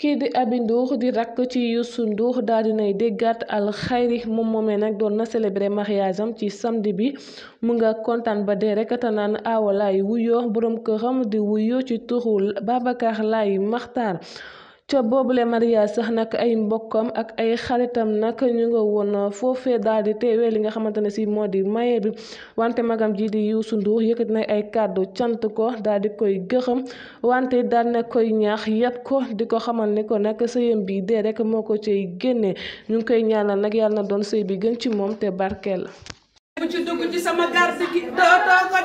kii di Aby Ndour di rakk ci Youssou Ndour daal dinay déggaat alxayri moom moomee nag doon na célébré mariage ci samedi bi mu nga kontaan ba dee rek te naan aawalaay wuyoo boroom këram di wuyoo ci turu Babacar Laye Makhtar ca boobule mariage sax nag ay mbokkam ak ay xaritam nag ñu nga woon foofe daal di teewee li nga xamante ne si moo di maye bi wante magam ji di Youssou Ndour yëkkati na ay kàddu cant ko daal di koy gërëm wante daal na koy ñaax yépp ko di ko xamal ni ko nag sëyam bii dee rekk moo ko ci génnee ñu ngi koy ñaanal nag yàlla na doon sëy bi gën ci moom te barkeel la.